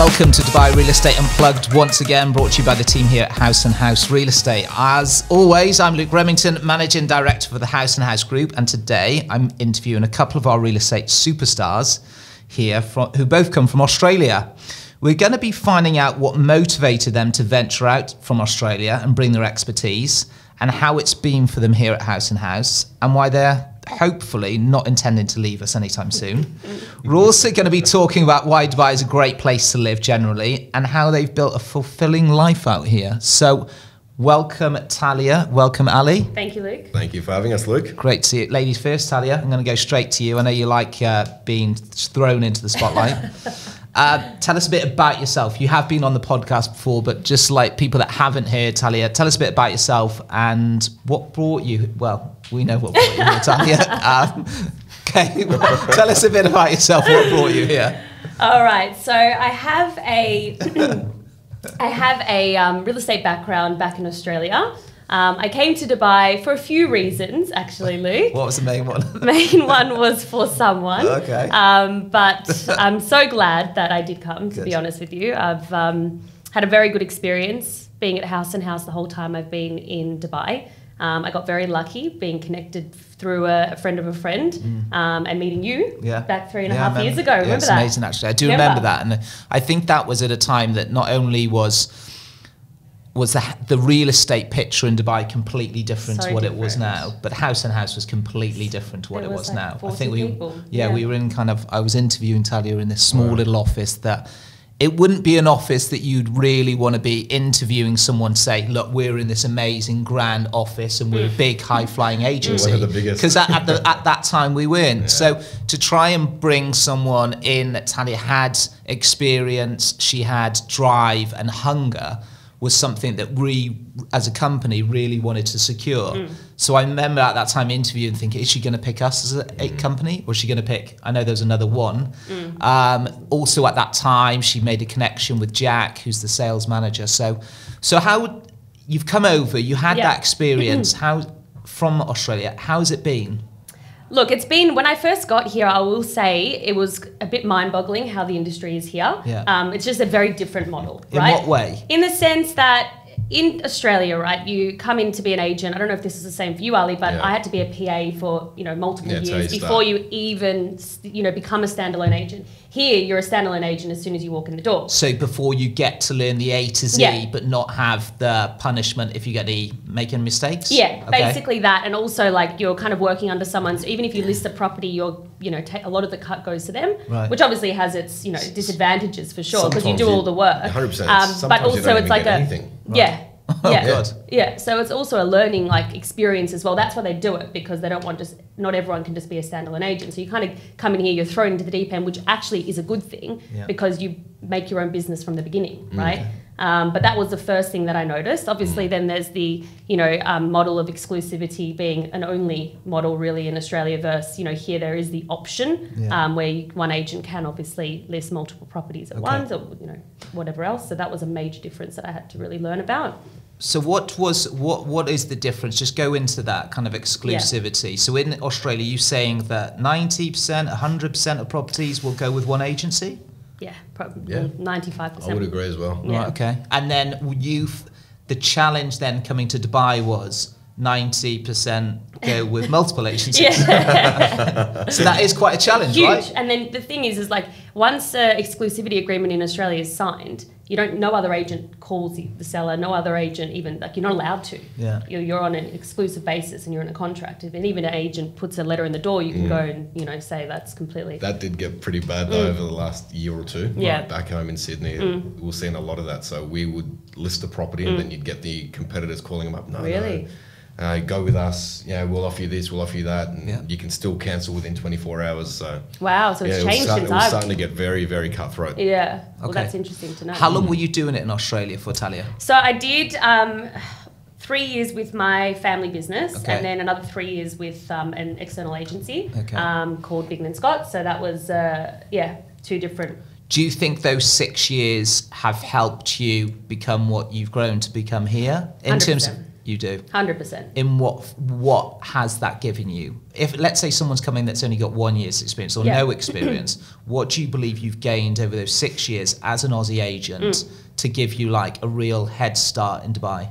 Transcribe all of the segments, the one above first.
welcome to Dubai Real Estate Unplugged once again, brought to you by the team here at House and House Real Estate. As always, I'm Luke Remington, Managing Director for the House and House Group, and today I'm interviewing a couple of our real estate superstars here from, who both come from Australia. We're going to be finding out what motivated them to venture out from Australia and bring their expertise, and how it's been for them here at House and House, and why they're hopefully not intending to leave us anytime soon. We're also going to be talking about why Dubai is a great place to live generally and how they've built a fulfilling life out here. So, welcome, Talia. Welcome, Ali. Thank you, Luke. Thank you for having us, Luke. Great to see you. Ladies first, Talia, I'm going to go straight to you. I know you like uh, being thrown into the spotlight. Uh, tell us a bit about yourself. You have been on the podcast before, but just like people that haven't heard Talia, tell us a bit about yourself and what brought you. Well, we know what brought you here, Talia. Um, okay, tell us a bit about yourself. What brought you here? All right. So I have a. I have a um, real estate background back in Australia. Um, I came to Dubai for a few reasons, actually, Luke. What was the main one? main one was for someone. Okay. Um, but I'm so glad that I did come, to good. be honest with you. I've um, had a very good experience being at House and House the whole time I've been in Dubai. Um, I got very lucky being connected through a, a friend of a friend mm. Um, and meeting you yeah. back three and yeah, a half years ago. Remember it's that? amazing, actually. I do remember. remember that. And I think that was at a time that not only was was the, the real estate picture in Dubai completely different so to what different. it was now. But House and House was completely different to what it was, was like now. I think we, yeah, yeah, we were in kind of. I was interviewing Talia in this small right. little office that it wouldn't be an office that you'd really want to be interviewing someone say look we're in this amazing grand office and we're a mm. big high flying mm. agency because at, at, at, that time we weren't yeah. so to try and bring someone in that talia had experience she had drive and hunger was something that we, as a company, really wanted to secure. Mm. So I remember at that time interviewing, thinking, is she going to pick us as a mm. company, or is she going to pick? I know there's another one. Mm. Um, also at that time, she made a connection with Jack, who's the sales manager. So, so how you've come over, you had yeah. that experience. how from Australia, how's it been? Look, it's been when I first got here. I will say it was a bit mind-boggling how the industry is here. Yeah. Um, it's just a very different model, in right? In what way? In the sense that in Australia, right, you come in to be an agent. I don't know if this is the same for you, Ali, but yeah. I had to be a PA for you know multiple yeah, years before you even you know become a standalone agent. Here, you're a standalone agent as soon as you walk in the door. So before you get to learn the A to Z, yeah. but not have the punishment if you get the making mistakes. Yeah, okay. basically that, and also like you're kind of working under someone. So even if you list the property, you're you know a lot of the cut goes to them, right. which obviously has its you know disadvantages for sure because you do all the work. 100%. Um, but also, it's like a anything. yeah. Oh, yeah. God. Yeah. So it's also a learning like experience as well. That's why they do it because they don't want just not everyone can just be a standalone agent. So you kind of come in here, you're thrown into the deep end, which actually is a good thing yeah. because you make your own business from the beginning, mm. right? Okay. Um, but that was the first thing that I noticed. Obviously, mm. then there's the you know um, model of exclusivity being an only model really in Australia. Versus you know here there is the option yeah. um, where one agent can obviously list multiple properties at okay. once or you know whatever else. So that was a major difference that I had to really learn about. So what was what what is the difference? Just go into that kind of exclusivity. Yeah. So in Australia, you saying that ninety percent, hundred percent of properties will go with one agency. Yeah, probably ninety-five yeah. percent. I would agree as well. Yeah. Right, okay. And then you, the challenge then coming to Dubai was ninety percent go with multiple agencies. Yeah. so that is quite a challenge, Huge. right? And then the thing is, is like once an exclusivity agreement in Australia is signed, you don't no other agent calls you, the seller no other agent even like you're not allowed to yeah you're, you're on an exclusive basis and you're in a contract and even an agent puts a letter in the door you can mm. go and you know say that's completely that did get pretty bad mm. though mm. over the last year or two yeah right back home in sydney mm. we are seeing a lot of that so we would list the property and mm. then you'd get the competitors calling them up no really no uh, go with us. Yeah, we'll offer you this, we'll offer you that, and yeah. you can still cancel within 24 hours. So wow, so it's yeah, changed. It was, start, it was starting to get very, very cutthroat. Yeah, okay. well, that's interesting to know. How long were you doing it in Australia for Talia? So I did. Um, three years with my family business okay. and then another three years with um, an external agency okay. um, called Bigman and Scott. So that was, uh, yeah, two different. Do you think those six years have helped you become what you've grown to become here in 100%. terms of you do. Hundred percent. In what what has that given you? If let's say someone's coming that's only got one year's experience or yeah. no experience, what do you believe you've gained over those six years as an Aussie agent mm. to give you like a real head start in Dubai?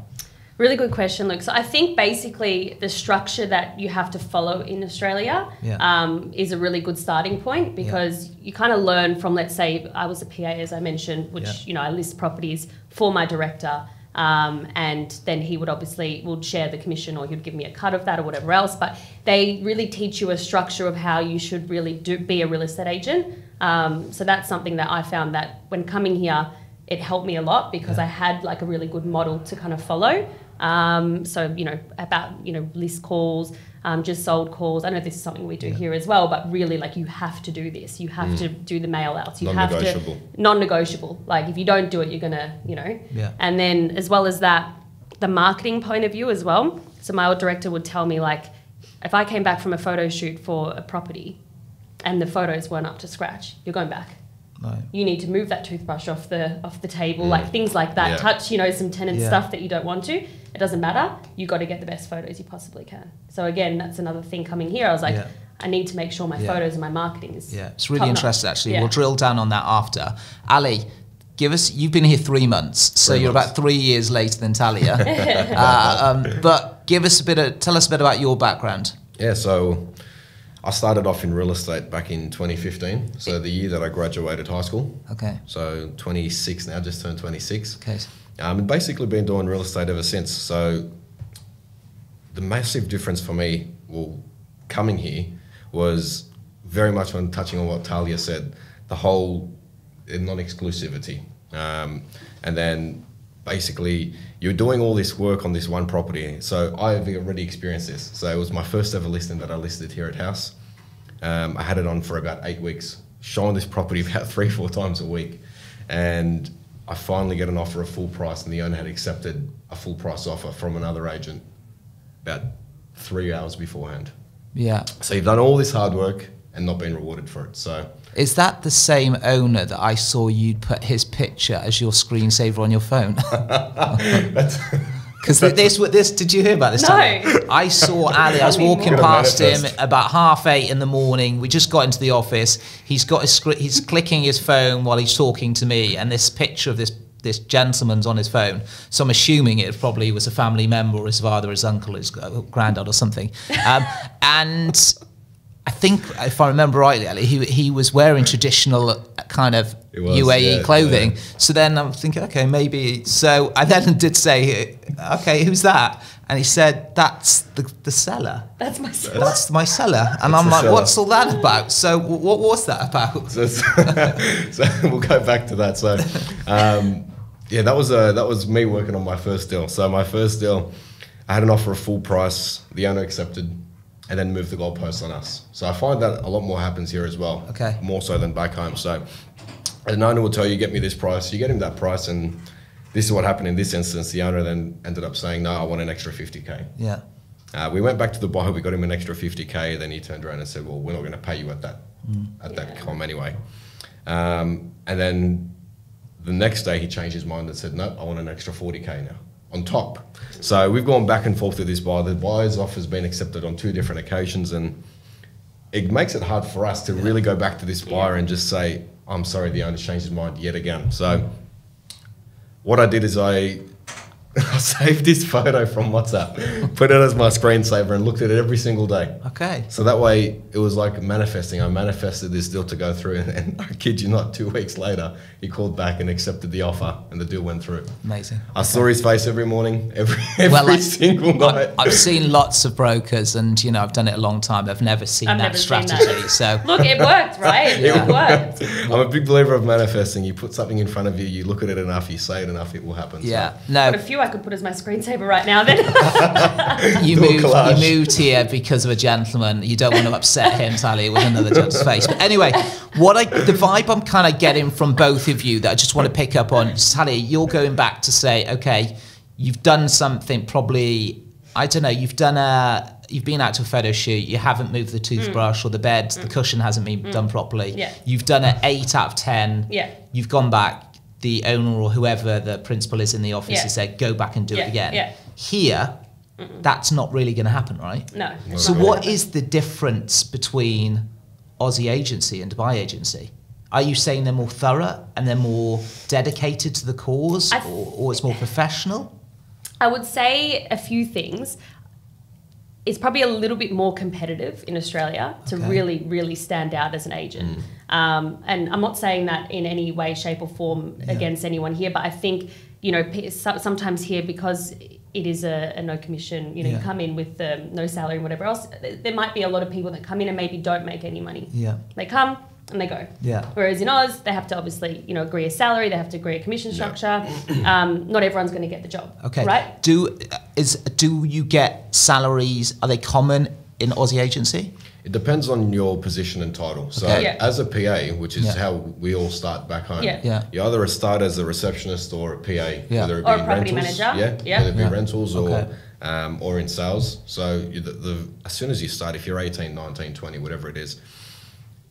Really good question, Luke. So I think basically the structure that you have to follow in Australia yeah. um, is a really good starting point because yeah. you kind of learn from, let's say, I was a PA as I mentioned, which yeah. you know I list properties for my director. Um, and then he would obviously would share the commission or he'd give me a cut of that or whatever else but they really teach you a structure of how you should really do be a real estate agent um, so that's something that i found that when coming here it helped me a lot because yeah. i had like a really good model to kind of follow um, so you know about you know list calls um, just sold calls. I know this is something we do yeah. here as well, but really, like you have to do this. You have mm. to do the mail outs. You have to non-negotiable. Like if you don't do it, you're gonna, you know. Yeah. And then as well as that, the marketing point of view as well. So my old director would tell me like, if I came back from a photo shoot for a property, and the photos weren't up to scratch, you're going back. No. You need to move that toothbrush off the off the table, yeah. like things like that. Yeah. Touch, you know, some tenant stuff that you don't want to. It doesn't matter. You got to get the best photos you possibly can. So again, that's another thing coming here. I was like, yeah. I need to make sure my yeah. photos and my marketing is. Yeah, it's really interesting. Up. Actually, yeah. we'll drill down on that after. Ali, give us. You've been here three months, so you you're about three years later than Talia. uh, um, but give us a bit of. Tell us a bit about your background. Yeah, so I started off in real estate back in 2015, so the year that I graduated high school. Okay. So 26 now, just turned 26. Okay um, and basically been doing real estate ever since. So the massive difference for me, well, coming here was very much on touching on what Talia said, the whole non-exclusivity, um, and then basically you're doing all this work on this one property. So I've already experienced this. So it was my first ever listing that I listed here at House. Um, I had it on for about eight weeks, showing this property about three, four times a week, and I finally get an offer of full price, and the owner had accepted a full price offer from another agent about three hours beforehand. Yeah. So you've done all this hard work and not been rewarded for it. So is that the same owner that I saw you put his picture as your screensaver on your phone? Because this, this, did you hear about this? No. Time? I saw Ali. I was walking past him about half eight in the morning. We just got into the office. He's got his, he's clicking his phone while he's talking to me, and this picture of this this gentleman's on his phone. So I'm assuming it probably was a family member, or his father, his uncle, his granddad, or something. Um, and I think, if I remember rightly, Ali, he he was wearing traditional kind of was, UAE yeah, clothing. Yeah. So then I'm thinking, okay, maybe. So I then did say, okay, who's that? And he said, that's the, the seller. That's my seller. That's my seller. And that's I'm like, seller. what's all that about? So what was that about? So, so we'll go back to that. So um, yeah, that was a, uh, that was me working on my first deal. So my first deal, I had an offer of full price. The owner accepted and then move the goalposts on us. So I find that a lot more happens here as well. Okay. More so than back home. So an owner will tell you, get me this price. You get him that price, and this is what happened in this instance. The owner then ended up saying, no, I want an extra 50K. Yeah. Uh, we went back to the buyer, we got him an extra 50K. Then he turned around and said, well, we're not going to pay you at that, mm. at yeah. that com anyway. Um, and then the next day he changed his mind and said, no, I want an extra 40K now on top. So we've gone back and forth with this buyer. The buyer's offer has been accepted on two different occasions, and it makes it hard for us to yeah. really go back to this buyer and just say, I'm sorry, the owner changed his mind yet again. So what I did is I I saved this photo from WhatsApp, put it as my screensaver, and looked at it every single day. Okay. So that way, it was like manifesting. I manifested this deal to go through, and, and I kid you not, two weeks later, he called back and accepted the offer, and the deal went through. Amazing. I saw his face every morning, every, every well, like, single night. I, have seen lots of brokers, and you know, I've done it a long time. I've never seen I've that never strategy. Seen that. So look, it worked, right? It, worked. I'm a big believer of manifesting. You put something in front of you, you look at it enough, you say it enough, it will happen. Yeah. So. No. a few could put as my screensaver right now. Then you moved, you moved here because of a gentleman. You don't want to upset him, Sally, with another gentleman's face. But anyway, what I the vibe I'm kind of getting from both of you that I just want to pick up on, Sally, you're going back to say, okay, you've done something probably. I don't know. You've done a you've been out to a photo shoot, you haven't moved the mm. toothbrush mm. or the bed, mm. the cushion hasn't been mm. done properly. Yeah. You've done an eight out of ten. Yeah. You've gone back, the owner or whoever the principal is in the office yeah. has said, go back and do yeah. it again. Yeah. Here, Mm-mm. that's not really going to happen, right? No. no. So, what is the difference between Aussie agency and Dubai agency? Are you saying they're more thorough and they're more dedicated to the cause th- or, or it's more professional? I would say a few things it's probably a little bit more competitive in Australia okay. to really, really stand out as an agent. Mm. Um, and I'm not saying that in any way, shape, or form yeah. against anyone here, but I think you know sometimes here because it is a, a no commission. You know, yeah. you come in with um, no salary and whatever else. There might be a lot of people that come in and maybe don't make any money. Yeah, they come and they go. Yeah. Whereas in Oz, they have to obviously, you know, agree a salary. They have to agree a commission structure. Yeah. um, not everyone's going to get the job. Okay. Right. Do is do you get salaries? Are they common in Aussie agency? It depends on your position and title. So, okay. yeah. as a PA, which is yeah. how we all start back home, yeah. yeah. you either start as a receptionist or a PA, yeah. whether it be or a property rentals, manager, yeah, whether it be rentals or okay. um, or in sales. So, the, the, as soon as you start, if you're 18, 19, 20, whatever it is,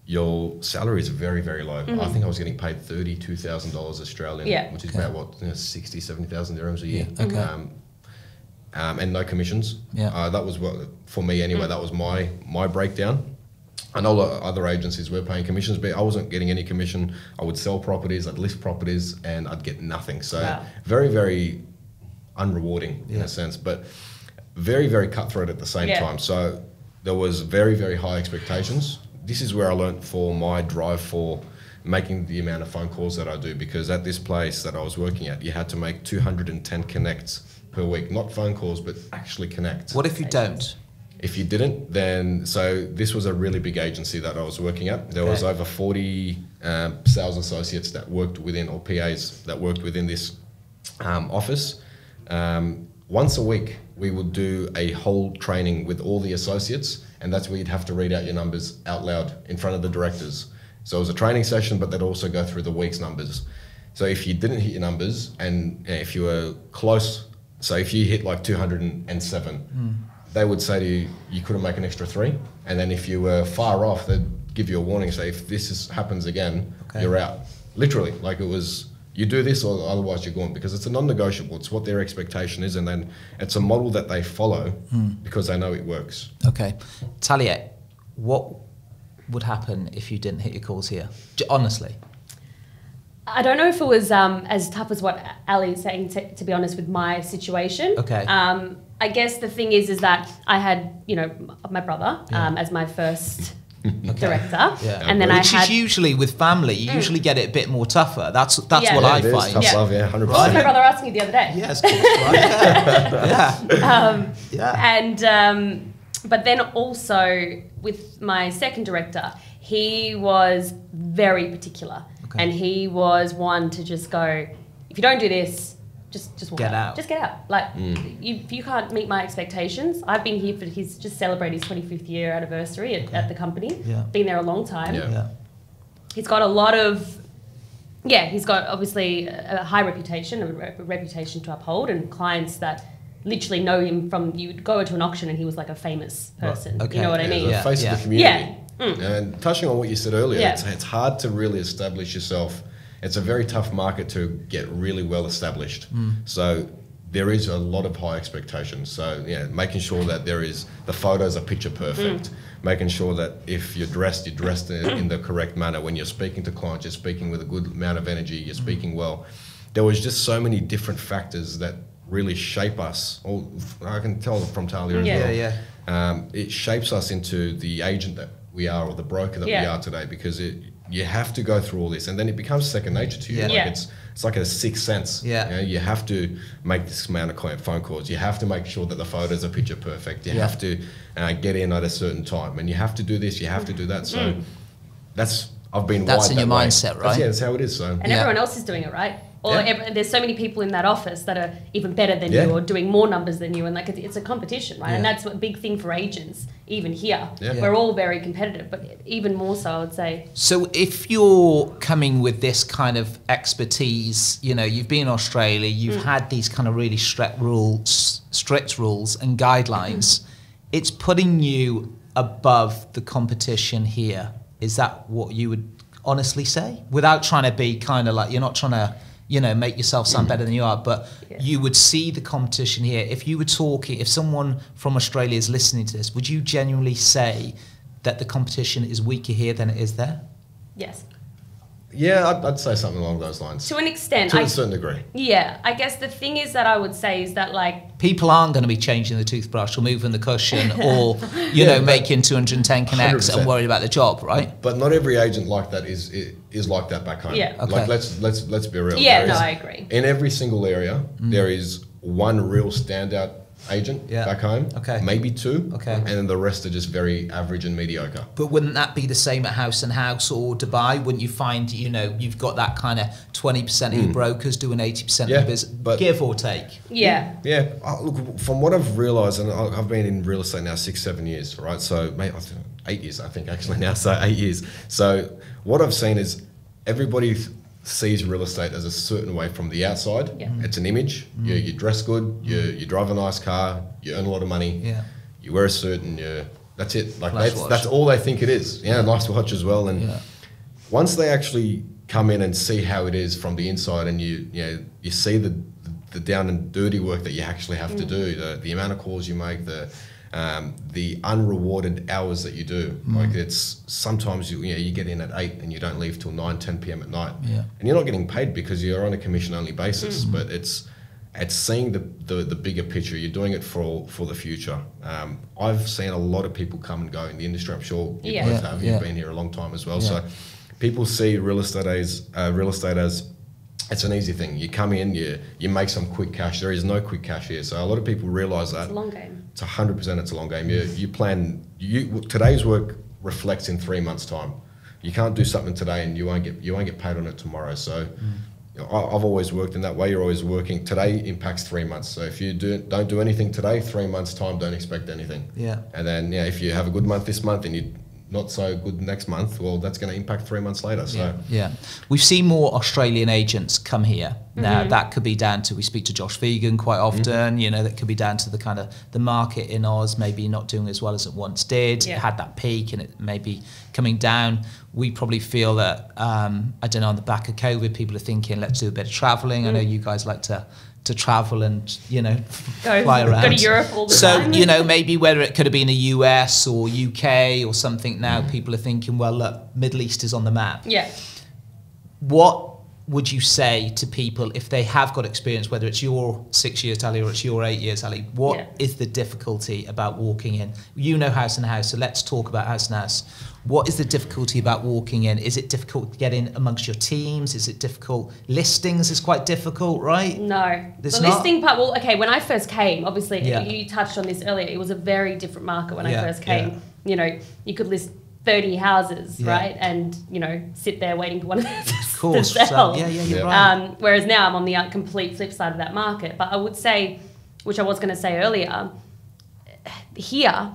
your salary is very, very low. Mm-hmm. I think I was getting paid $32,000 Australian, which is okay. about what, you know, 60, 70,000 dirhams a year. Okay. Um, um, and no commissions. Yeah. Uh, that was what for me anyway. Mm. That was my my breakdown. I know other agencies were paying commissions, but I wasn't getting any commission. I would sell properties, I'd list properties, and I'd get nothing. So very very unrewarding yeah. in a sense, but very very cutthroat at the same yeah. time. So there was very very high expectations. This is where I learned for my drive for making the amount of phone calls that I do because at this place that I was working at, you had to make 210 connects per week, not phone calls, but actually connect. What if you don't? If you didn't, then so this was a really big agency that I was working at. There okay. was over 40 um, sales associates that worked within, or PAs that worked within this um, office. Um, once a week, we would do a whole training with all the associates, and that's where you'd have to read out your numbers out loud in front of the directors. So it was a training session, but they'd also go through the week's numbers. So if you didn't hit your numbers, and uh, if you were close so if you hit like 207, mm. they would say to you, you couldn't make an extra three. And then if you were far off, they'd give you a warning, say, if this is, happens again, okay. you're out. Literally, like it was, you do this or otherwise you're gone because it's a non negotiable. It's what their expectation is. And then it's a model that they follow mm. because they know it works. Okay. Talia, what would happen if you didn't hit your calls here? Honestly. I don't know if it was um, as tough as what Ali is saying, to, to be honest, with my situation. Okay. Um, I guess the thing is, is that I had, you know, my brother yeah. um, as my first Okay. director. Yeah. And then Which I had, is usually with family, you mm. usually get it a bit more tougher. That's that's yeah. what yeah, I find. Tough yeah. love, yeah, hundred percent. My brother asked me the other day. Yes, right? yeah. Um, yeah. And um, but then also with my second director, he was very particular. Okay. And he was one to just go, if you don't do this, just just walk get out. out. Just get out. Like mm. you, if you can't meet my expectations, I've been here for his just celebrate his 25th year anniversary at, okay. at the company. Yeah. Been there a long time. Yeah. yeah. He's got a lot of yeah, he's got obviously a high reputation, a, reputation to uphold and clients that literally know him from you'd go to an auction and he was like a famous person. Right. Okay. You know what yeah, I mean? The face yeah. of the community. Yeah. Mm. And touching on what you said earlier, yeah. it's, it's hard to really establish yourself. It's a very tough market to get really well established. Mm. So there is a lot of high expectations. So yeah, making sure that there is the photos are picture perfect, mm. making sure that if you're dressed, you're dressed in, in, the correct manner. When you're speaking to clients, you're speaking with a good amount of energy, you're hmm. speaking well. There was just so many different factors that really shape us. All oh, I can tell from Talia yeah. as well. Yeah, yeah. Um, it shapes us into the agent that we are or the broker that yeah. we are today because it you have to go through all this and then it becomes second nature to you. Yeah. Like yeah. it's it's like a sixth sense. Yeah. You, know, you have to make this amount of phone calls. You have to make sure that the photos are picture perfect. You yeah. have to uh, get in at a certain time and you have to do this, you have to do that. So mm. that's I've been That's in that your way. mindset, right? That's, yeah, that's how it is. So And everyone else is doing it, right? or yeah. there's so many people in that office that are even better than yeah. you or doing more numbers than you and like it's a competition right yeah. and that's a big thing for agents even here we're all very competitive but even more so i would say so if you're coming with this kind of expertise you know you've been in australia you've mm. had these kind of really strict rules strict rules and guidelines mm. it's putting you above the competition here is that what you would honestly say without trying to be kind of like you're not trying to you know, make yourself sound better than you are. But yeah. you would see the competition here. If you were talking, if someone from Australia is listening to this, would you genuinely say that the competition is weaker here than it is there? Yes. Yeah, I'd, I'd say something along those lines. To an extent. To I, a certain degree. Yeah. I guess the thing is that I would say is that, like. People aren't going to be changing the toothbrush or moving the cushion or, you yeah, know, making 210 connects 100%. and worried about the job, right? But not every agent like that is like that back home. Yeah. Okay. Like let's let's let's be real. Yeah, there no, is, I agree. In every single area, mm. there is one real standout agent yeah. back home. Okay. Maybe two. Okay. And then the rest are just very average and mediocre. But wouldn't that be the same at House and House or Dubai? Wouldn't you find, you know, you've got that kind of 20% mm. of your mm. brokers doing 80% of the business, give or take? Yeah. Yeah. Uh, look, from what I've realized, and I've been in real estate now six, seven years, right? So, mate, I think eight years, I think actually now, so eight years. So what I've seen is everybody sees real estate as a certain way from the outside. Yeah. It's an image. Mm. You, you, dress good. You, mm-hmm. you drive a nice car. You earn a lot of money. Yeah. You wear a suit and you, that's it. Like that's, that's, all they think it is. Yeah, yeah. nice watch as well. And yeah. once they actually come in and see how it is from the inside, and you you know, you see the the down and dirty work that you actually have mm. to do, the, the amount of calls you make, the um, the unrewarded hours that you do. Mm. Like it's sometimes you, you, know, you get in at eight and you don't leave till 9, 10 p.m. at night. Yeah. And you're not getting paid because you're on a commission only basis, mm. but it's at seeing the, the, the, bigger picture. You're doing it for for the future. Um, I've seen a lot of people come and go in the industry. I'm sure you yeah. both have. You've been here a long time as well. So people see real estate as uh, real estate as it's an easy thing. You come in, you you make some quick cash. There is no quick cash here, so a lot of people realise that. It's a long game. It's hundred percent. It's a long game. You you plan. You today's work reflects in three months' time. You can't do something today and you won't get you won't get paid on it tomorrow. So. Mm. I've always worked in that way. You're always working. Today impacts three months. So if you do, don't do anything today, three months time, don't expect anything. Yeah. And then yeah, if you have a good month this month and you not so good next month, well, that's going to impact three months later. So yeah, yeah. we've seen more Australian agents come here. Mm-hmm. Now that could be down to we speak to Josh Vegan quite mm-hmm. often. Mm-hmm. You know, that could be down to the kind of the market in Oz maybe not doing as well as it once did. Yeah. It had that peak and it may be coming down. We probably feel that um, I don't know on the back of COVID, people are thinking let's do a bit of traveling. Mm. I know mm. you guys like to to travel and you know go, fly around. Go to Europe all the so, time. So you know maybe whether it could have been a US or UK or something. Now mm. people are thinking, well, look, Middle East is on the map. Yeah. What would you say to people if they have got experience, whether it's your six years, Ali, or it's your eight years, Ali? What yeah. is the difficulty about walking in? You know house and house, so let's talk about house and house. What is the difficulty about walking in? Is it difficult to get in amongst your teams? Is it difficult? Listings is quite difficult, right? No. There's the not... listing part, well, okay, when I first came, obviously, yeah. you touched on this earlier, it was a very different market when yeah, I first came. Yeah. You know, you could list 30 houses, yeah. right? And, you know, sit there waiting for one of them of course, to uh, sell. So, yeah, yeah, you're right. Um, whereas now I'm on the uh, complete flip side of that market. But I would say, which I was going to say earlier, here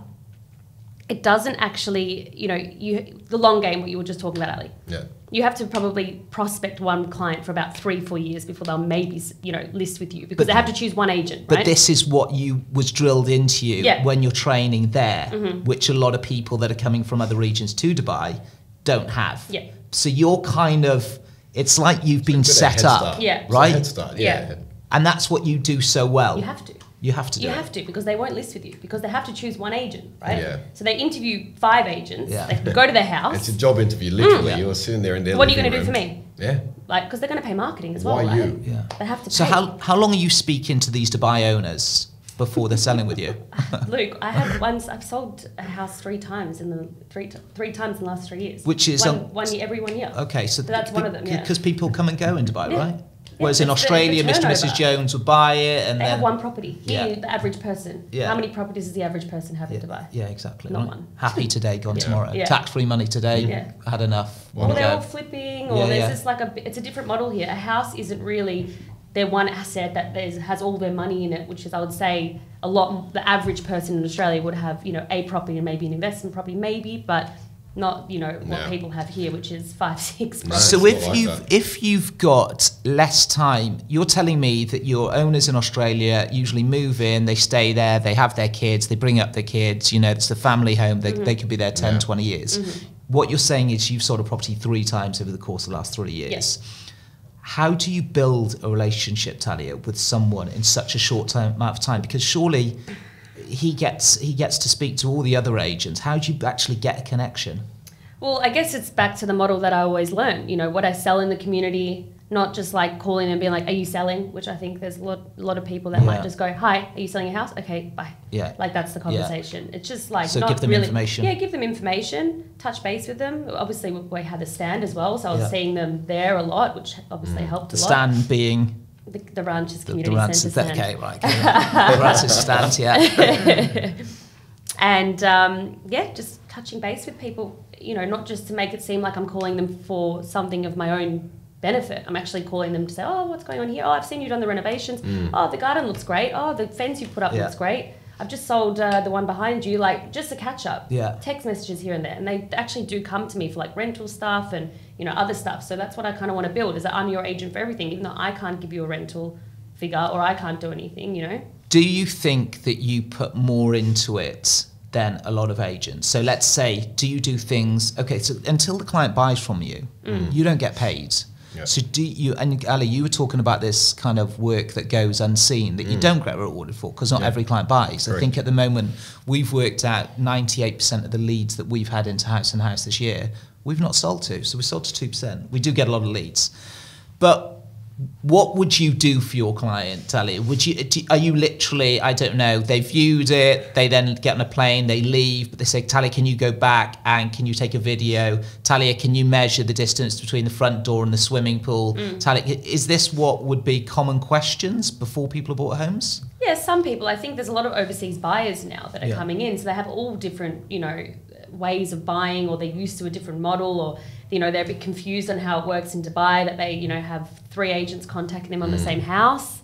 it doesn't actually, you know, you the long game what you were just talking about, Ali. Yeah. You have to probably prospect one client for about three, four years before they'll maybe, you know, list with you because but, they have to choose one agent. But right? this is what you was drilled into you yeah. when you're training there, mm-hmm. which a lot of people that are coming from other regions to Dubai don't have. Yeah. So you're kind of, it's like you've it's been set up, yeah. right? Yeah. yeah. And that's what you do so well. You have to. You have to. you have to because they won't list with you because they have to choose one agent, right? Yeah. So they interview five agents. Yeah. They go to their house. It's a job interview. Literally, mm. you're sitting there in they What are you going to do for me? Yeah. Like, because they're going to pay marketing as well. Why right? you? Yeah. They have to. So how how long are you speaking to these Dubai owners? Before they're selling with you, Luke, I have once. I've sold a house three times in the three three times in the last three years. Which is one, um, one year every one year. Okay, so, so that's one of them. Because yeah. people come and go in Dubai, yeah. right? Whereas in Australia, Mr. and Mrs. Jones would buy it, and they then, have one property. Here, yeah. the average person. Yeah. How many properties does the average person have yeah. to buy? Yeah, exactly. Not one. Happy today, gone tomorrow. Tax-free money today. Had enough. Or well, they're all flipping, or there's this like a. It's a different model here. A house isn't really their one asset that has all their money in it, which is I would say a lot. The average person in Australia would have you know a property and maybe an investment property, maybe, but not you know what yeah. people have here, which is five six. Months. So if like you've that. if you've got less time, you're telling me that your owners in Australia usually move in, they stay there, they have their kids, they bring up their kids. You know, it's the family home. They mm-hmm. they could be there 10, yeah. 20 years. Mm-hmm. What you're saying is you've sold a property three times over the course of the last three years. Yes. How do you build a relationship, Talia, with someone in such a short time, amount of time? Because surely he gets he gets to speak to all the other agents. How do you actually get a connection? Well, I guess it's back to the model that I always learn. You know, what I sell in the community, not just like calling and being like, "Are you selling?" Which I think there's a lot, a lot of people that yeah. might just go, "Hi, are you selling your house?" Okay, bye. Yeah. Like that's the conversation. Yeah. It's just like so not give them really, information. Yeah, give them information. Touch base with them. Obviously, we had the stand as well, so I was yeah. seeing them there a lot, which obviously mm. helped. The stand being the, the Ranches the, Community the Ranches, is that Okay, right. Okay, right. the Ranches stand, yeah. and um, yeah, just touching base with people, you know, not just to make it seem like I'm calling them for something of my own benefit. I'm actually calling them to say, oh, what's going on here? Oh, I've seen you done the renovations. Mm. Oh, the garden looks great. Oh, the fence you put up yeah. looks great. I've just sold uh, the one behind you, like just a catch up. Yeah. Text messages here and there, and they actually do come to me for like rental stuff and you know other stuff. So that's what I kind of want to build is that I'm your agent for everything, even though I can't give you a rental figure or I can't do anything. You know. Do you think that you put more into it than a lot of agents? So let's say, do you do things? Okay, so until the client buys from you, mm. you don't get paid. So do you and Ali, you were talking about this kind of work that goes unseen that mm. you don't get rewarded for because not every client buys. Correct. I think at the moment we've worked out 98% of the leads that we've had into House and House this year we've not sold to. So we sold to two percent. We do get a lot of leads, but what would you do for your client, Ali? Would you are you literally I don't know they viewed it, they then get on a plane, they leave, but they say, Talia, can you go back and can you take a video? Talia, can you measure the distance between the front door and the swimming pool? Mm. Talia, is this what would be common questions before people bought homes? Yeah, some people. I think there's a lot of overseas buyers now that are yeah. coming in, so they have all different, you know, ways of buying, or they're used to a different model, or you know they're a bit confused on how it works in Dubai that they you know have three agents contacting them on the mm. same house,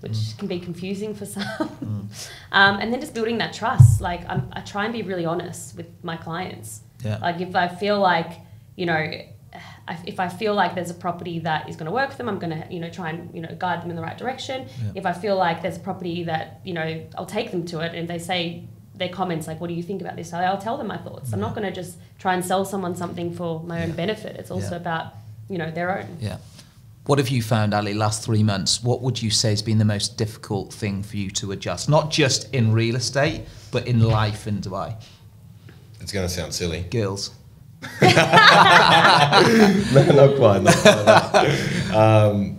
which mm. can be confusing for some. Mm. Um, and then just building that trust. Like I'm, I try and be really honest with my clients. Yeah. Like if I feel like you know if I feel like there's a property that is going to work for them, I'm going to you know try and you know guide them in the right direction. Yeah. If I feel like there's a property that you know I'll take them to it, and they say their comments like, "What do you think about this?" I'll tell them my thoughts. Yeah. I'm not going to just try and sell someone something for my own yeah. benefit. It's also about you know their own. Yeah. What have you found, Ali, last three months? What would you say has been the most difficult thing for you to adjust? Not just in real estate, but in life in Dubai. It's going to sound silly. Girls no, not quite. Not quite um,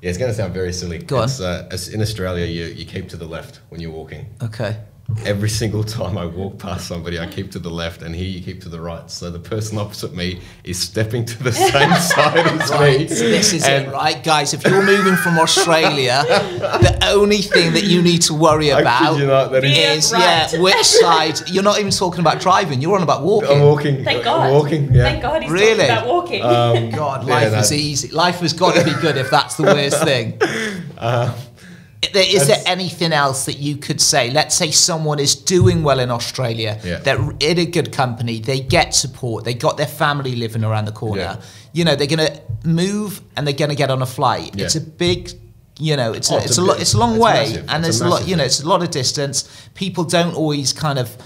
yeah, it's going to sound very silly. Go on. Uh, in Australia, you, you keep to the left when you're walking. Okay every single time I walk past somebody, I keep to the left, and here you keep to the right. So the person opposite me is stepping to the same side as right. me. This is and it, right, guys? If you're moving from Australia, the only thing that you need to worry about not, is, is right. yeah, which side. You're not even talking about driving. You're on about walking. I'm walking. Thank God. I'm walking. Yeah. Thank God. He's really? Talking about walking. Um, God, life yeah, is easy. Life has got to be good if that's the worst thing. Uh, is there anything else that you could say? Let's say someone is doing well in Australia, yeah. they're in a good company, they get support, they got their family living around the corner. Yeah. You know, they're going to move and they're going to get on a flight. Yeah. It's a big, you know, it's oh, a, it's a, big, lo- it's a long it's way massive. and it's there's a, a lot, you know, it's a lot of distance. People don't always kind of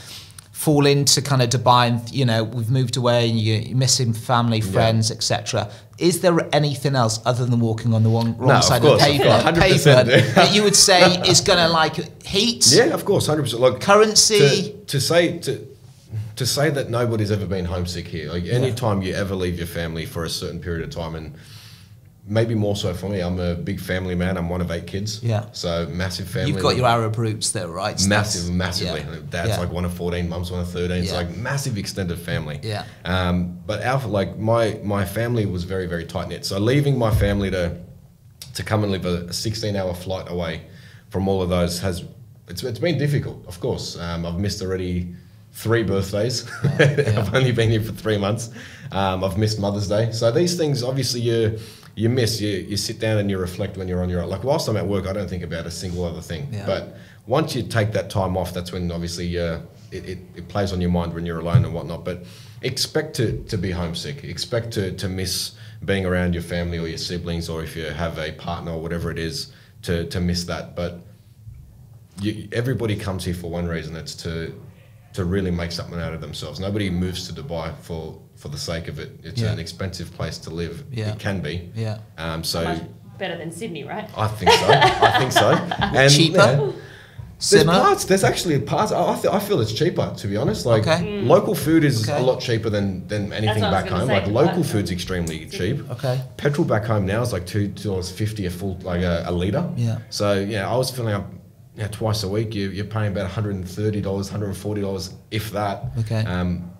fall into kind of Dubai and you know we've moved away and you're missing family, friends, yeah. etc. Is there anything else other than walking on the wrong no, side of, course, of the pavement, pavement that you would say is going to like heat? Yeah, of course, hundred percent. Like currency to, to say to to say that nobody's ever been homesick here. Like any yeah. time you ever leave your family for a certain period of time and maybe more so for me. I'm a big family man. I'm one of eight kids. Yeah. So massive family. You've got your Arab roots there, right? So massive, massively. Yeah. Dad's yeah. like one of 14, mum's one of 13. Yeah. It's like massive extended family. Yeah. Um, but our, like my, my family was very, very tight knit. So leaving my family to, to come and live a 16 hour flight away from all of those has, it's, it's been difficult, of course. Um, I've missed already three birthdays. Yeah. I've only been here for three months. Um, I've missed Mother's Day. So these things, obviously you're, you miss. You, you sit down and you reflect when you're on your own. Like whilst I'm at work, I don't think about a single other thing. Yeah. But once you take that time off, that's when obviously uh, it, it, it, plays on your mind when you're alone and whatnot. But expect to, to be homesick. Expect to, to miss being around your family or your siblings or if you have a partner or whatever it is to, to miss that. But you, everybody comes here for one reason. It's to to really make something out of themselves. Nobody moves to Dubai for for the sake of it. It's yeah. an expensive place to live. Yeah. It can be. Yeah. Um, so Much better than Sydney, right? I think so. I think so. And cheaper. Yeah, there's parts. There's actually parts. I, th- I feel it's cheaper to be honest. Like okay. Mm. local food is okay. a lot cheaper than than anything back home. like local food's extremely cheap. Okay. Petrol back home now is like two dollars fifty a full like a, a liter. Yeah. So yeah, I was filling up twice a week. You, you're paying about one hundred and thirty dollars, one hundred and forty dollars, if that. Okay. Um,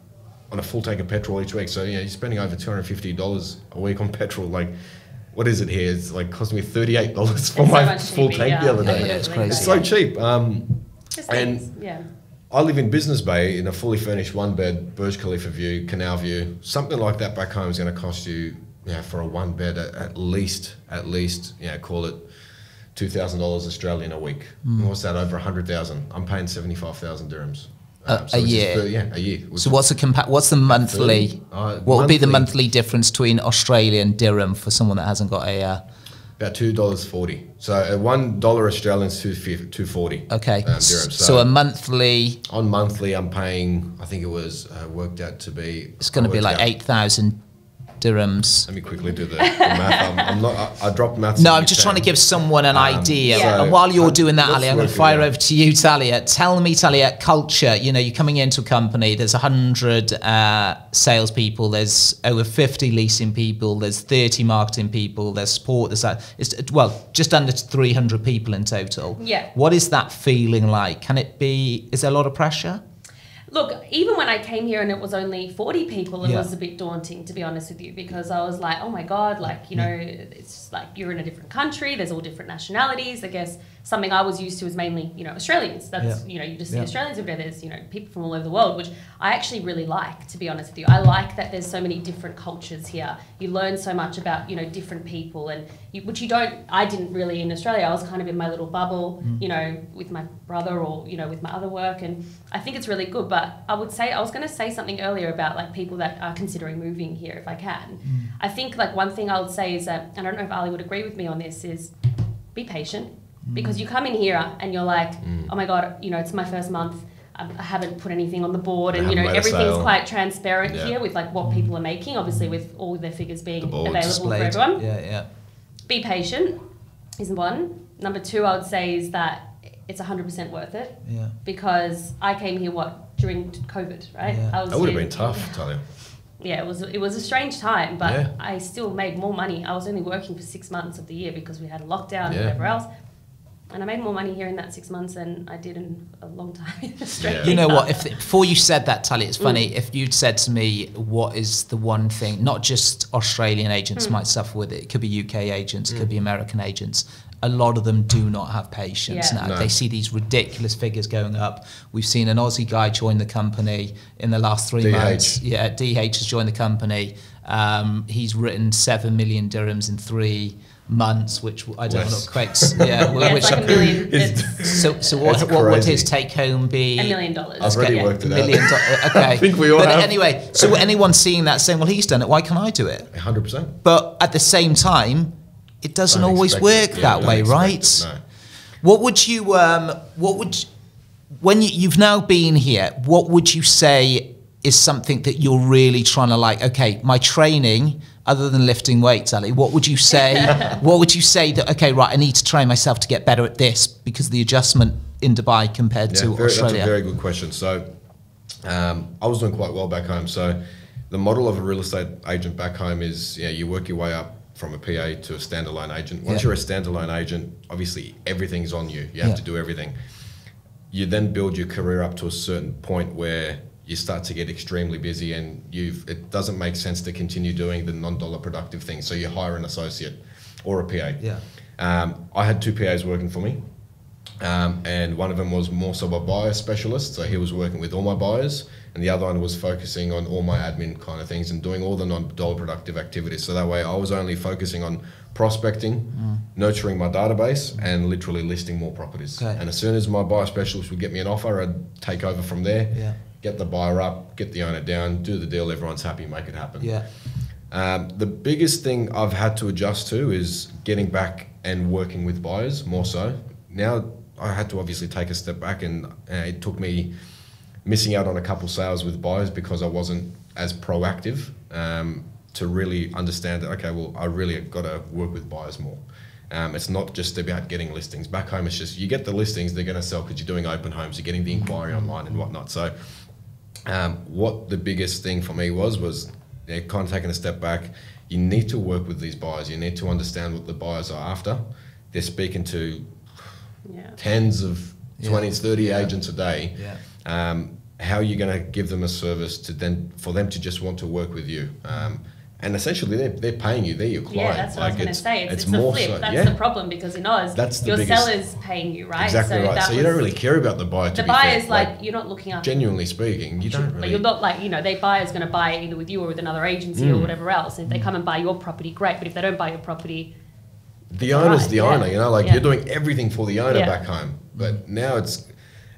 on a full tank of petrol each week. So yeah, you're spending over two hundred fifty dollars a week on petrol. Like, what is it here? It's like costing me thirty eight dollars for it's my so full cheaper, tank yeah. the other day. Yeah, yeah it's crazy. It's so cheap. Um, and yeah. I live in Business Bay in a fully furnished one bed Burj Khalifa view, canal view. Something like that back home is going to cost you, yeah, for a one bed at, at least, at least, yeah, call it two thousand dollars Australian a week. Mm. What's that? Over a hundred thousand. I'm paying seventy five thousand dirhams a year. yeah, a year. So what's the compa- What's the monthly? uh, what would be the monthly difference between Australian dirham for someone that hasn't got a? Uh, about two dollars forty. So uh, one dollar Australian is two two forty. Okay. Um, dirham. So, so, a monthly. On monthly, I'm paying. I think it was uh, worked out to be. It's going to be like out, eight thousand dirhams. Let me quickly do the, the math. I'm, I'm not. I, I, dropped math. No, I'm just trying to give someone an um, idea. So and while you're I'm, doing that, Ali, I'm going to fire over to you, Talia. Tell me, Talia, culture. You know, you're coming into a company. There's 100 uh, salespeople. There's over 50 leasing people. There's 30 marketing people. There's support. There's that. It's well, just under 300 people in total. Yeah. What is that feeling like? Can it be? Is there a lot of pressure? look, even when I came here and it was only 40 people, it yeah. was a bit daunting, to be honest with you, because I was like, oh my God, like, you know, it's like you're in a different country, there's all different nationalities. I guess something I was used to was mainly, you know, Australians. That's, yeah. you know, you just see yeah. Australians everywhere. There's, you know, people from all over the world, which I actually really like, to be honest with you. I like that there's so many different cultures here. You learn so much about, you know, different people, and you, which you don't, I didn't really in Australia. I was kind of in my little bubble, mm. you know, with my brother or, you know, with my other work. And I think it's really good. But but I would say I was going to say something earlier about like people that are considering moving here if I can. Mm. I think like one thing I would say is that, and I don't know if Ali would agree with me on this, is be patient mm. because you come in here and you're like, mm. oh my god, you know, it's my first month. I haven't put anything on the board, and you know everything's quite transparent yeah. here with like what mm. people are making. Obviously, with all their figures being available displayed. for everyone. Yeah, yeah. Be patient is one. Number two, I would say is that it's 100% worth it. Yeah. Because I came here what during COVID, right? Yeah. I was that would have been tough, Talia. Yeah, it was it was a strange time, but yeah. I still made more money. I was only working for six months of the year because we had a lockdown yeah. and whatever else. And I made more money here in that six months than I did in a long time in You know what? If before you said that, Tally, it's mm. funny. Mm. If you'd said to me, "What is the one thing?" Not just Australian agents mm. might suffer with it. It could be UK agents, mm. it could mm. be American agents a lot of them do not have patience yeah. now. No. They see these ridiculous figures going up. We've seen an Aussie guy join the company in the last three DH. months. Yeah, DH has joined the company. Um, he's written seven million dirhams in three months, which I don't know equates. Yeah, yeah which like I, so, so what, what would his take home be? A million dollars. I've already yeah. worked it million out. Do- uh, okay. I think we all. But have. anyway, so anyone seeing that saying, "Well, he's done it. Why can't I do it?" Hundred percent. But at the same time it doesn't always work yeah, that way, right? No. What would you, um, what would, when you, you've now been here, what would you say is something that you're really trying to like? Okay, my training, other than lifting weights, Ali, what would you say? what would you say that okay, right? I need to train myself to get better at this because the adjustment in Dubai compared yeah, to very, Australia. That's a very good question. So, um, I was doing quite well back home. So, the model of a real estate agent back home is yeah, you work your way up from a PA to a standalone agent. Once yeah. you're a standalone agent, obviously everything's on you. You have yeah. to do everything. You then build your career up to a certain point where you start to get extremely busy and you've it doesn't make sense to continue doing the non-dollar productive things. So you hire an associate or a PA. Yeah. Um, I had two PAs working for me. Um, and one of them was more so a buyer specialist. So he was working with all my buyers and the other one was focusing on all my admin kind of things and doing all the non-dollar productive activities. So that way, I was only focusing on prospecting, mm. nurturing my database, and literally listing more properties. Okay. And as soon as my buyer specialist would get me an offer, I'd take over from there. Yeah. Get the buyer up, get the owner down, do the deal. Everyone's happy, make it happen. Yeah. Um, the biggest thing I've had to adjust to is getting back and working with buyers more so. Now I had to obviously take a step back, and uh, it took me missing out on a couple sales with buyers because I wasn't as proactive um, to really understand that, okay, well, I really got to work with buyers more. Um, it's not just about getting listings. Back home, it's just you get the listings, they're going to sell because you're doing open homes, you're getting the inquiry online and whatnot. So, um, what the biggest thing for me was, was yeah, kind of taking a step back. You need to work with these buyers, you need to understand what the buyers are after. They're speaking to yeah. tens of yeah. 20s, 30 agents a day. Um, how are you going to give them a service to then for them to just want to work with you? Um, and essentially, they're, they're paying you. They're your client. Yeah, that's what like I was going to say. It's, it's, it's more flip. So, that's yeah. the problem because in Oz, that's your biggest, seller's paying you, right? Exactly so right. So you don't really care about the buyer. the buyer is like, like, you're not looking after. Genuinely speaking, you don't. Really, but you're not like you know, they buyer is going to buy either with you or with another agency mm. or whatever else. If they mm. come and buy your property, great. But if they don't buy your property, the owner's right, the yeah. owner. You know, like yeah. you're doing everything for the owner back home. But now it's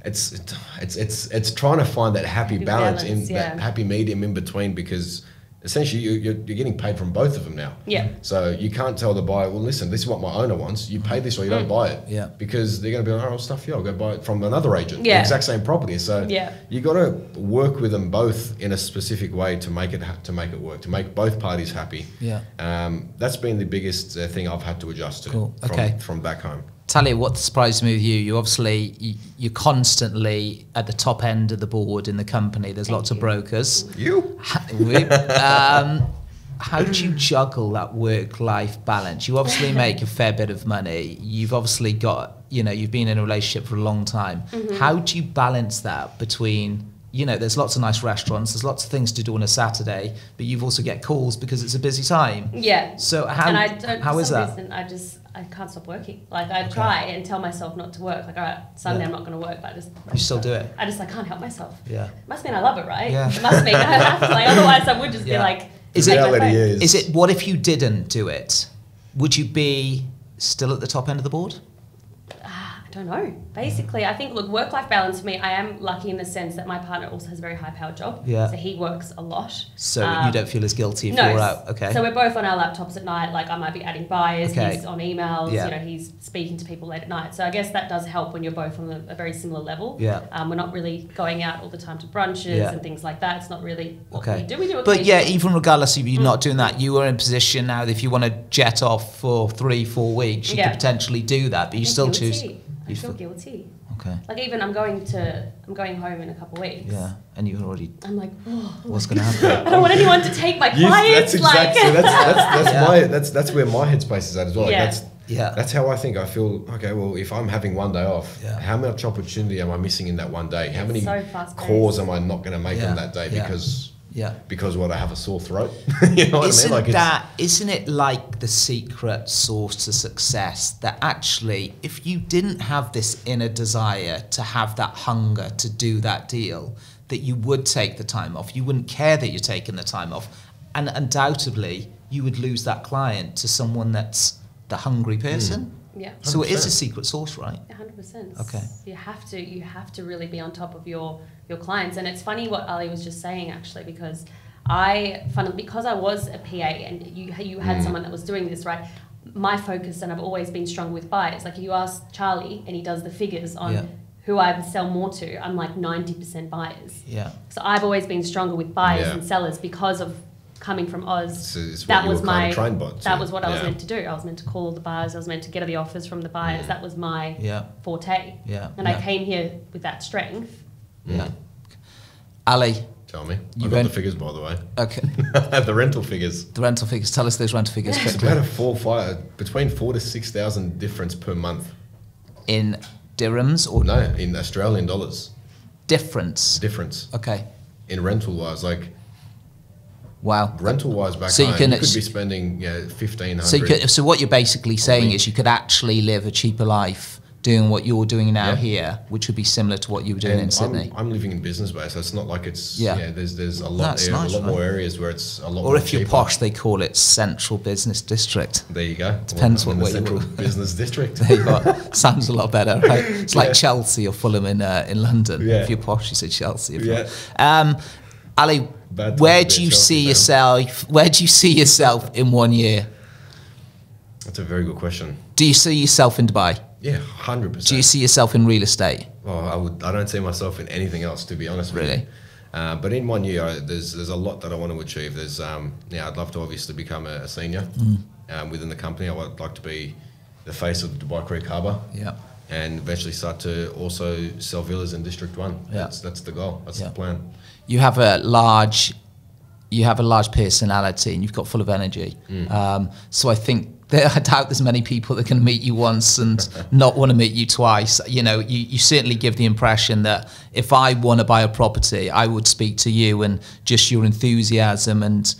it's it's it's it's trying to find that happy balance, balance in yeah. that happy medium in between because essentially you, are you're, you're getting paid from both of them now. Yeah. So you can't tell the buyer, well, listen, this is what my owner wants. You pay this or you don't mm. buy it. Yeah. Because they're going to be like, oh, I'll stuff you. I'll go buy it from another agent. Yeah. The exact same property. So yeah. you got to work with them both in a specific way to make it to make it work to make both parties happy. Yeah. Um, that's been the biggest uh, thing I've had to adjust to. Cool. From, okay. From back home. Talia, what surprised me with you, you obviously you, you're constantly at the top end of the board in the company. There's Thank lots you. of brokers. You. um, how do you juggle that work-life balance? You obviously make a fair bit of money. You've obviously got, you know, you've been in a relationship for a long time. Mm-hmm. How do you balance that between you know, there's lots of nice restaurants, there's lots of things to do on a Saturday, but you've also get calls because it's a busy time. Yeah. So how and I don't, how is that? I just I can't stop working. Like I okay. try and tell myself not to work. Like all right, Sunday yeah. I'm not going to work, but I just you still do it. I just I can't help myself. Yeah. must mean I love it, right? Yeah. It must mean I have to. Like otherwise I would just yeah. be like. Is is it what if you didn't do it? Would you be still at the top end of the board? I don't know. Basically, I think look, work life balance for me. I am lucky in the sense that my partner also has a very high powered job. Yeah. So he works a lot. So um, you don't feel as guilty if no, you're out. Okay. So we're both on our laptops at night. Like I might be adding buyers. Okay. He's on emails. Yeah. You know, he's speaking to people late at night. So I guess that does help when you're both on a, a very similar level. Yeah. Um, we're not really going out all the time to brunches yeah. and things like that. It's not really what okay. we do. We do. But yeah, even regardless of you mm. not doing that, you are in a position now that if you want to jet off for three, four weeks, you yeah. could potentially do that, but you still choose. I you feel th- guilty. Okay. Like even I'm going to I'm going home in a couple of weeks. Yeah, and you already. I'm like, oh, what's gonna happen? I don't want anyone to take my clients. Yes, that's exactly. Like. that's that's that's yeah. my that's that's where my headspace is at as well. Like yeah. That's yeah. That's how I think. I feel okay. Well, if I'm having one day off, yeah. how much opportunity am I missing in that one day? How it's many so calls am I not going to make yeah. on that day because yeah. Because what I have a sore throat. you know isn't I mean? like that isn't it like the secret source to success that actually if you didn't have this inner desire to have that hunger to do that deal, that you would take the time off. You wouldn't care that you're taking the time off. And undoubtedly you would lose that client to someone that's the hungry person. Mm. Yeah. So is a secret source, right? 100%. Okay. You have to you have to really be on top of your your clients and it's funny what Ali was just saying actually because I fun because I was a PA and you you had mm. someone that was doing this, right? My focus and I've always been strong with buyers. Like you ask Charlie and he does the figures on yeah who I sell more to, I'm like 90% buyers. Yeah. So I've always been stronger with buyers yeah. and sellers because of coming from Oz, so that was my kind of that was what I was meant to do. I was meant to call the buyers. I was meant to get the offers from the buyers. That was my yeah. forte. Yeah, and I came here with that strength. Yeah, Ali. Tell me. You I got the figures, by the way. Okay. the rental figures. The rental figures. Tell us those rental figures. It's about a four, five, between four to six thousand difference per month. In dirhams or no, in Australian dollars. Difference. Difference. Okay. In rental wise, like Wow. Rental wise, back so home, you, can, you could be spending yeah, fifteen hundred. So, so what you're basically saying is you could actually live a cheaper life doing what you're doing now yeah. here, which would be similar to what you were doing and in Sydney. I'm, I'm, living in business bay, so it's not like it's yeah. yeah there's there's a lot there, nice, a lot right? more areas where it's a lot. Or if you're cheaper. posh, they call it central business district. There you go. Depends well, what central business district. Sounds a lot better. Right? It's like yeah. Chelsea or Fulham in uh, in London. If you're posh, you say Chelsea. yeah. Um, Ali, where do you see yourself? Where do you see yourself in one year? That's a very good question. Do you see yourself in Dubai? Yeah, hundred percent. Do you see yourself in real estate? Well, I would. I don't see myself in anything else, to be honest. Really. Uh, but in one year, I, there's there's a lot that I want to achieve. There's um, yeah, I'd love to obviously become a, a senior mm. um, within the company. I would like to be the face of Dubai Creek Harbour. Yeah. And eventually start to also sell villas in District One. Yeah. That's that's the goal. That's yeah. the plan you have a large you have a large personality and you've got full of energy. Mm. Um, so I think there, I doubt there's many people that can meet you once and not want to meet you twice. You know, you, you certainly give the impression that if I want to buy a property, I would speak to you and just your enthusiasm and.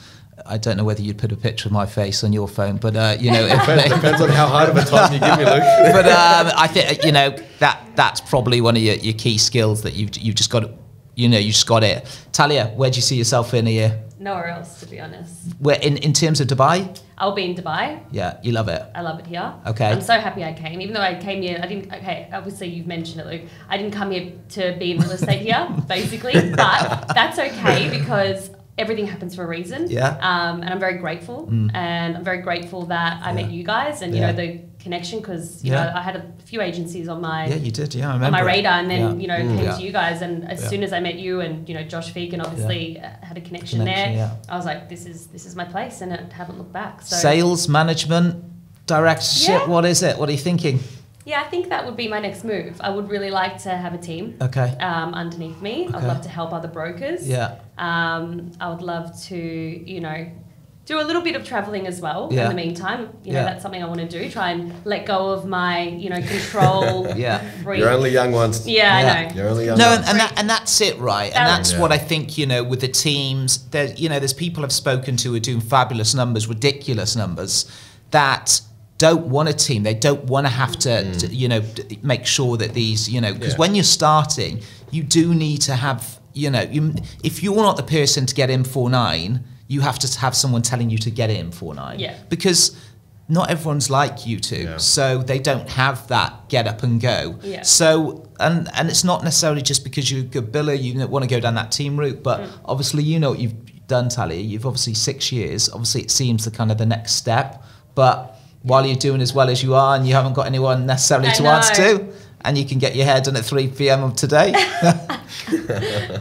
I don't know whether you'd put a picture of my face on your phone, but uh, you know, it depends, depends, on how hard of a time you give me, Luke. but um, I think you know that that's probably one of your, your key skills that you've you've just got to you know, you just got it. Talia, where do you see yourself in a year? Nowhere else, to be honest. Where in, in terms of Dubai? I'll be in Dubai. Yeah, you love it. I love it here. Okay. I'm so happy I came, even though I came here. I didn't. Okay, obviously you've mentioned it, Luke. I didn't come here to be in real estate here, basically. But that's okay because everything happens for a reason. Yeah. Um, and I'm very grateful. Mm. And I'm very grateful that I yeah. met you guys and, you yeah. know, the connection because, you yeah. know, I had a few agencies on my... Yeah, you did. Yeah, I remember. On my radar and then, you know, mm, came to you guys. And as soon as I met you and, you know, Josh Fegan obviously uh, had a connection, connection there. I was like, this is, this is my place and I haven't looked back. So. Sales, management, directorship, what is it? What are you thinking? Yeah, I think that would be my next move. I would really like to have a team. Okay. Um, underneath me, okay. I'd love to help other brokers. Yeah. Um, I would love to, you know, do a little bit of traveling as well yeah. in the meantime. You know, yeah. that's something I want to do. Try and let go of my, you know, control. yeah. Freak. You're only young ones. Yeah, yeah, I know. You're only young. No, and, and, that, and that's it, right? And that's what I think. You know, with the teams, there, you know, there's people I've spoken to who are doing fabulous numbers, ridiculous numbers. That don't want a team. They don't want to have to, mm. to you know, make sure that these, you know, because yeah. when you're starting, you do need to have, you know, you, if you're not the person to get in four nine, you have to have someone telling you to get in four nine. Yeah. Because not everyone's like you two, yeah. so they don't have that get up and go. Yeah. So and and it's not necessarily just because you're a good biller, you want to go down that team route, but mm. obviously you know what you've done, Tally. You've obviously six years. Obviously, it seems the kind of the next step, but while you're doing as well as you are and you haven't got anyone necessarily I to know. answer to. And you can get your hair done at 3 p.m. of today.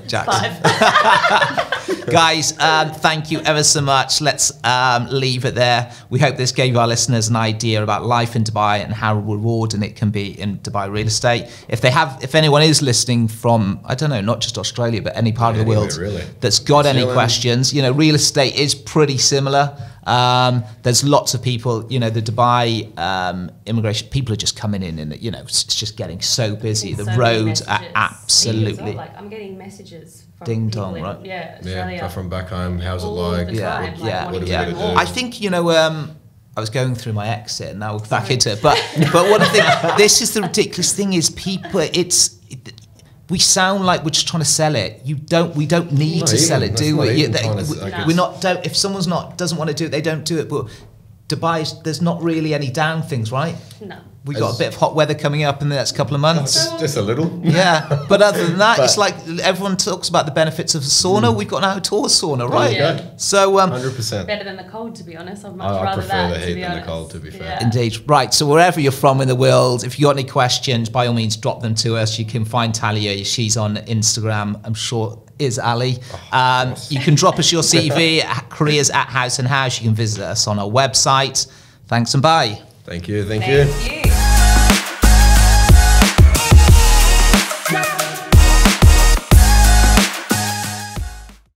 Jackson. Guys, um, thank you ever so much. Let's um, leave it there. We hope this gave our listeners an idea about life in Dubai and how rewarding it can be in Dubai real estate. If they have, if anyone is listening from, I don't know, not just Australia, but any part yeah, of the world really. that's got any questions, you know, real estate is pretty similar. Um, there's lots of people, you know, the Dubai um, immigration, people are just coming in and, you know, it's just getting so busy. the so roads are absolutely. Well, like, I'm getting messages from Ding dong, in, right? Yeah, Australia. yeah. From back home, how's it like? Yeah, what, yeah, what yeah. yeah. I think, you know, um, I was going through my exit and now back into it. But, but one thing, this is the ridiculous thing is people, it's, we sound like we're just trying to sell it. You don't. We don't need to even, sell it, do we? we are not. Don't. If someone's not doesn't want to do it, they don't do it. But Dubai, there's not really any down things, right? No we got a bit of hot weather coming up in the next couple of months. Just, just a little. Yeah, but other than that, it's like everyone talks about the benefits of the sauna. Mm. We've got an outdoor sauna, right? Yeah. So, um, hundred percent better than the cold, to be honest. I'd much I, rather prefer that, the heat than the cold, to be fair. Yeah. Indeed, right. So wherever you're from in the world, if you have got any questions, by all means, drop them to us. You can find Talia. She's on Instagram. I'm sure is Ali. Oh, um, you can drop us your CV at careers at House and House. You can visit us on our website. Thanks and bye. Thank you. Thank, thank you. you.